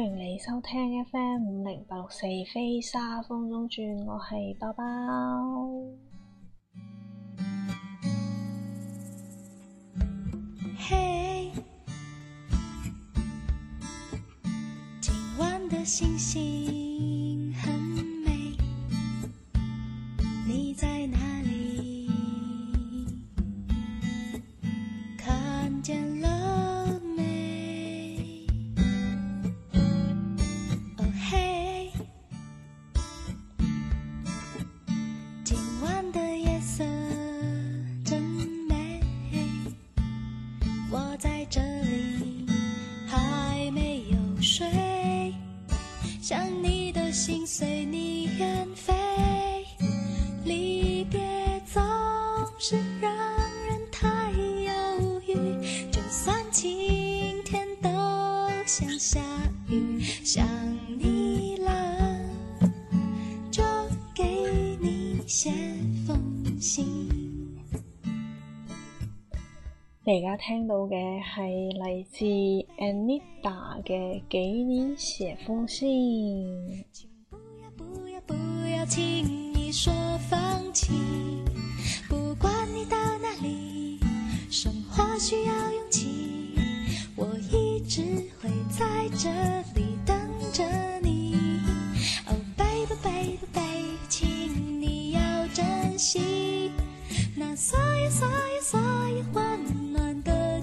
歡迎你收聽 FM 五零八六四《飛沙風中轉》，我係包包。嘿，今晚的星星。讓你的心隨你遠飛。而家聽到嘅係嚟自 Anita 嘅《給你寫封信》。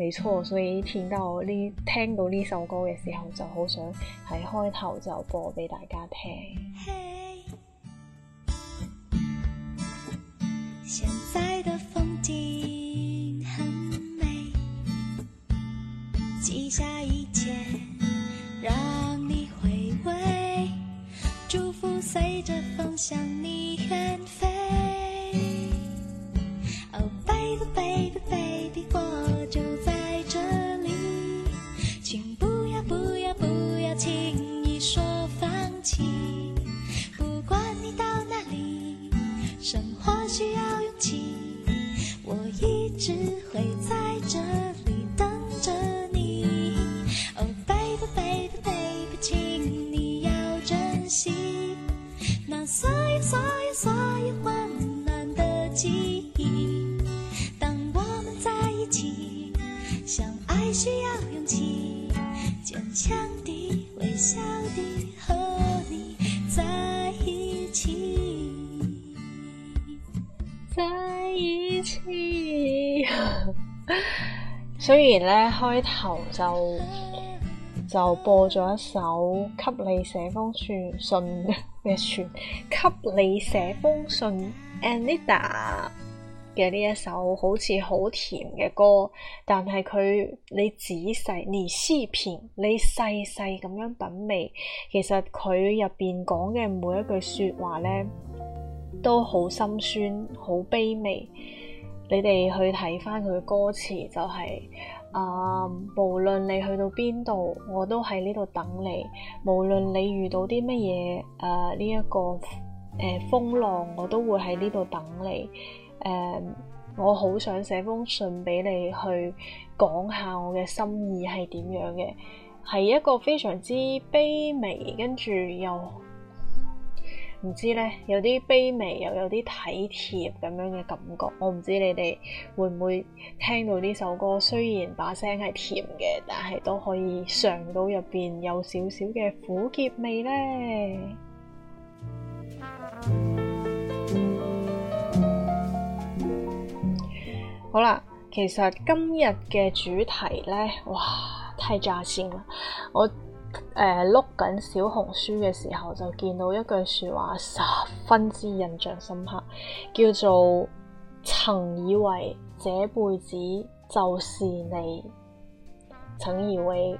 冇錯，所以聽到我呢聽到呢首歌嘅時候，就好想喺開頭就播俾大家聽。記下一切，讓你回味祝福。隨着風向你。強地微笑地和你在一起，在一起。 雖然咧開頭就就播咗一首，給你寫封信，信咩信？給你寫封信，aniDa。嘅呢一首好似好甜嘅歌，但係佢你仔細你思甜，你細細咁樣品味，其實佢入邊講嘅每一句說話咧，都好心酸，好卑微。你哋去睇翻佢嘅歌詞，就是，就係啊，無論你去到邊度，我都喺呢度等你；無論你遇到啲乜嘢，誒呢一個誒、呃、風浪，我都會喺呢度等你。誒，um, 我好想寫封信俾你去講下我嘅心意係點樣嘅，係一個非常之卑微，跟住又唔知咧，有啲卑微，又有啲體貼咁樣嘅感覺。我唔知你哋會唔會聽到呢首歌，雖然把聲係甜嘅，但係都可以嘗到入邊有少少嘅苦澀味咧。好啦，其實今日嘅主題呢，哇，太炸線啦！我誒，呃，碌緊小紅書嘅時候就見到一句說話，十分之印象深刻，叫做曾以為這輩子就是你，曾以為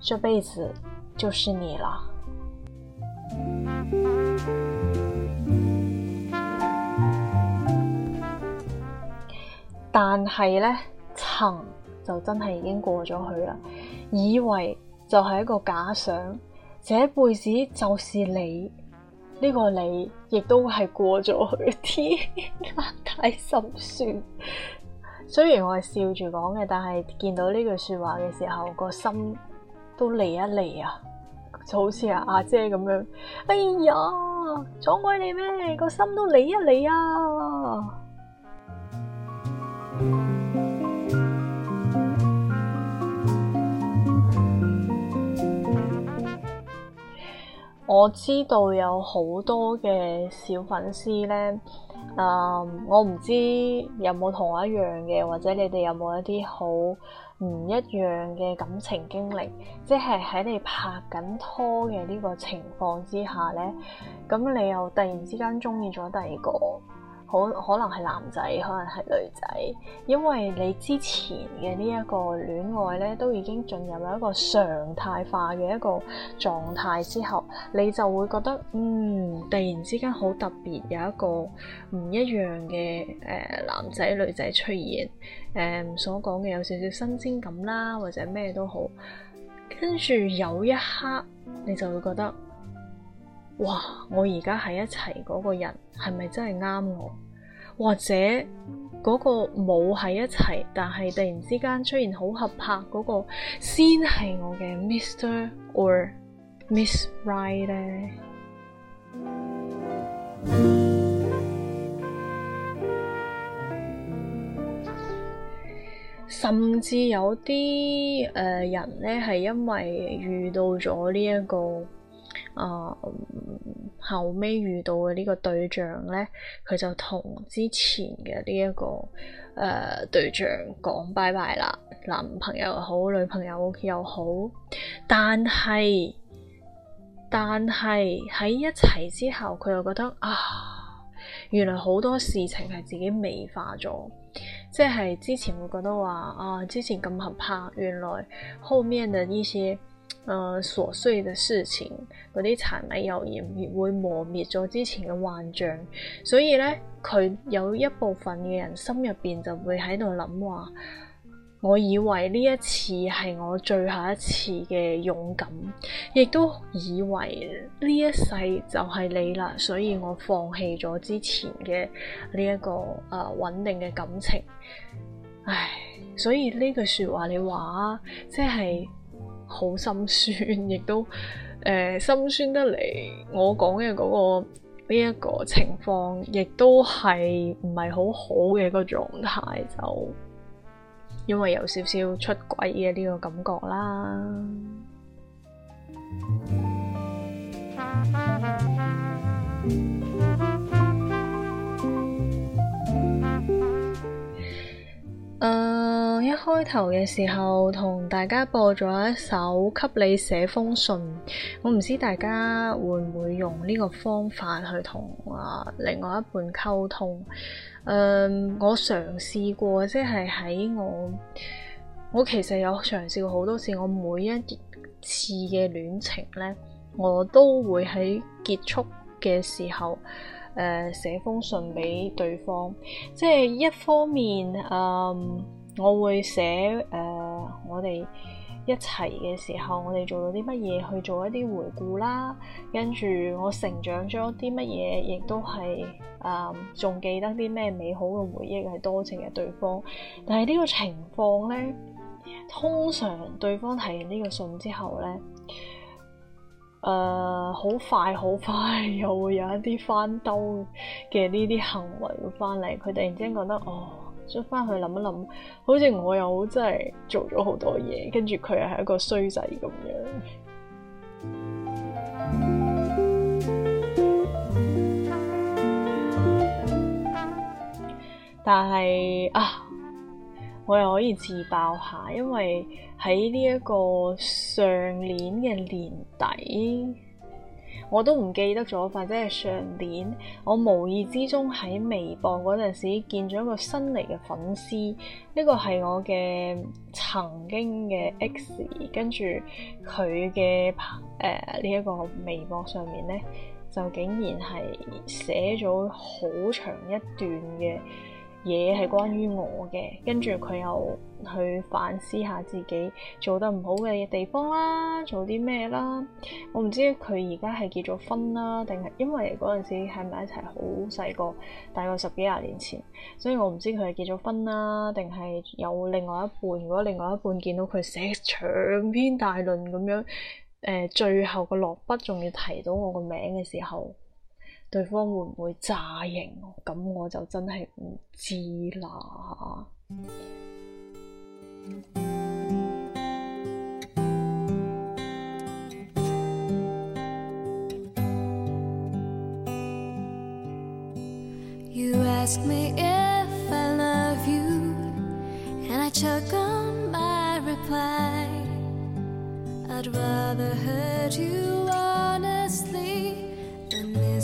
這輩子就是你啦。 但係咧，曾就真係已經過咗去啦。以為就係一個假想，這輩子就是你呢，這個你，亦都係過咗去。天啊，太心酸。雖然我係笑住講嘅，但係見到呢句說話嘅時候，個心都離一離啊，就好似阿阿姐咁樣。哎呀，撞鬼你咩？個心都離一離啊！我知道有好多嘅小粉絲呢，啊、嗯，我唔知有冇同我一樣嘅，或者你哋有冇一啲好唔一樣嘅感情經歷，即係喺你拍緊拖嘅呢個情況之下呢。咁你又突然之間中意咗第二個？可可能係男仔，可能係女仔，因為你之前嘅呢一個戀愛咧，都已經進入咗一個常態化嘅一個狀態之後，你就會覺得，嗯，突然之間好特別，有一個唔一樣嘅，誒、呃、男仔女仔出現，誒、呃、所講嘅有少少新鮮感啦，或者咩都好，跟住有一刻你就會覺得。哇！我而家喺一齊嗰個人係咪真係啱我？或者嗰個冇喺一齊，但係突然之間出現好合拍嗰個，先係我嘅 Mr. or Miss Right 咧。甚至有啲誒、呃、人咧，係因為遇到咗呢一個。啊、嗯，後尾遇到嘅呢個對象咧，佢就同之前嘅呢一個誒、呃、對象講拜拜啦，男朋友又好，女朋友又好，但係但係喺一齊之後，佢就覺得啊，原來好多事情係自己美化咗，即、就、係、是、之前會覺得話啊，之前咁合拍，原來後面的呢些。誒，瑣碎、呃、嘅事情嗰啲柴米油鹽，亦會磨滅咗之前嘅幻象，所以咧，佢有一部分嘅人心入邊就會喺度諗話，我以為呢一次係我最後一次嘅勇敢，亦都以為呢一世就係你啦，所以我放棄咗之前嘅呢一個誒穩、呃、定嘅感情。唉，所以呢句說話你話，即係。好心酸，亦都誒、呃、心酸得嚟，我講嘅嗰個呢一個情況，亦都係唔係好好嘅一個狀態，就因為有少少出軌嘅呢個感覺啦。 誒，uh, 一開頭嘅時候同大家播咗一首《給你寫封信》，我唔知大家會唔會用呢個方法去同啊另外一半溝通。誒，uh，我嘗試過，即係喺我，我其實有嘗試過好多次，我每一次嘅戀情呢，我都會喺結束嘅時候。誒、寫、呃、封信俾對方，即係一方面，誒、呃，我會寫誒、呃，我哋一齊嘅時候，我哋做咗啲乜嘢，去做一啲回顧啦，跟住我成長咗啲乜嘢，亦都係誒，仲、呃、記得啲咩美好嘅回憶係多謝嘅對方，但係呢個情況咧，通常對方睇完呢個信之後咧。誒好、uh, 快好快又會有一啲翻兜嘅呢啲行為翻嚟，佢突然之間覺得哦，捉翻去諗一諗，好似我又真係做咗好多嘢，跟住佢又係一個衰仔咁樣，但係啊～我又可以自爆下，因為喺呢一個上年嘅年底，我都唔記得咗，或者係上年，我無意之中喺微博嗰陣時見咗一個新嚟嘅粉絲，呢個係我嘅曾經嘅 X，跟住佢嘅誒呢一個微博上面呢，就竟然係寫咗好長一段嘅嘢係關於我嘅，跟住佢又去反思下自己做得唔好嘅地方啦，做啲咩啦？我唔知佢而家係結咗婚啦，定係因為嗰陣時係咪一齊好細個，大概十幾廿年前，所以我唔知佢係結咗婚啦，定係有另外一半？如果另外一半見到佢寫長篇大論咁樣，誒、呃、最後個落筆仲要提到我個名嘅時候。對方會唔會詐型？咁我就真係唔知啦。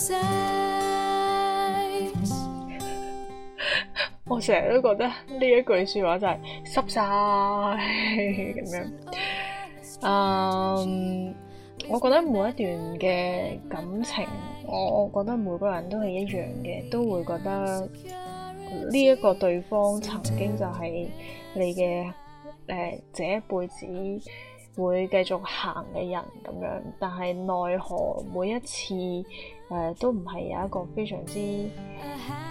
我成日都覺得呢一句說話就係濕晒咁樣。嗯、um，我覺得每一段嘅感情，我我覺得每個人都係一樣嘅，都會覺得呢一個對方曾經就係你嘅誒，這一輩子。會繼續行嘅人咁樣，但係奈何每一次誒、呃、都唔係有一個非常之，即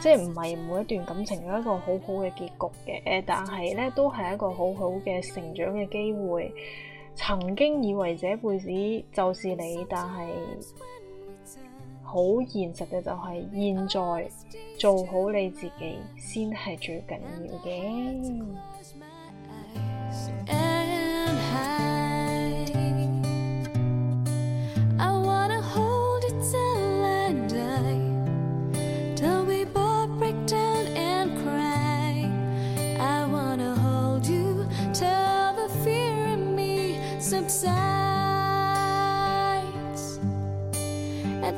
係唔係每一段感情有一個好好嘅結局嘅、呃，但係咧都係一個好好嘅成長嘅機會。曾經以為這輩子就是你，但係好現實嘅就係現在做好你自己先係最緊要嘅。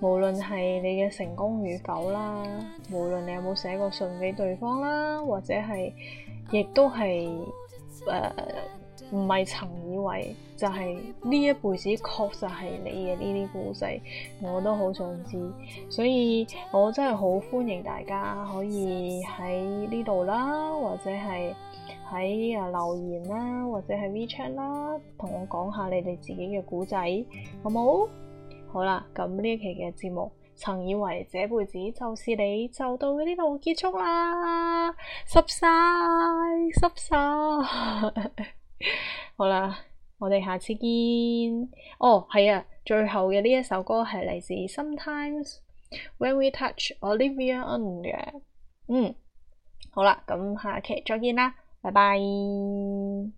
無論係你嘅成功與否啦，無論你有冇寫過信俾對方啦，或者係亦都係誒唔係曾以為，就係、是、呢一輩子確實係你嘅呢啲故事，我都好想知，所以我真係好歡迎大家可以喺呢度啦，或者係喺誒留言啦，或者係 WeChat 啦，同我講下你哋自己嘅故仔，好冇？好啦，咁呢一期嘅節目，曾以為這輩子就是你，就到呢度結束啦，濕晒濕晒。濕 好啦，我哋下次見。哦，係啊，最後嘅呢一首歌係嚟自 Sometimes When We Touch Olivia Ong。嗯，好啦，咁下期再見啦，拜拜。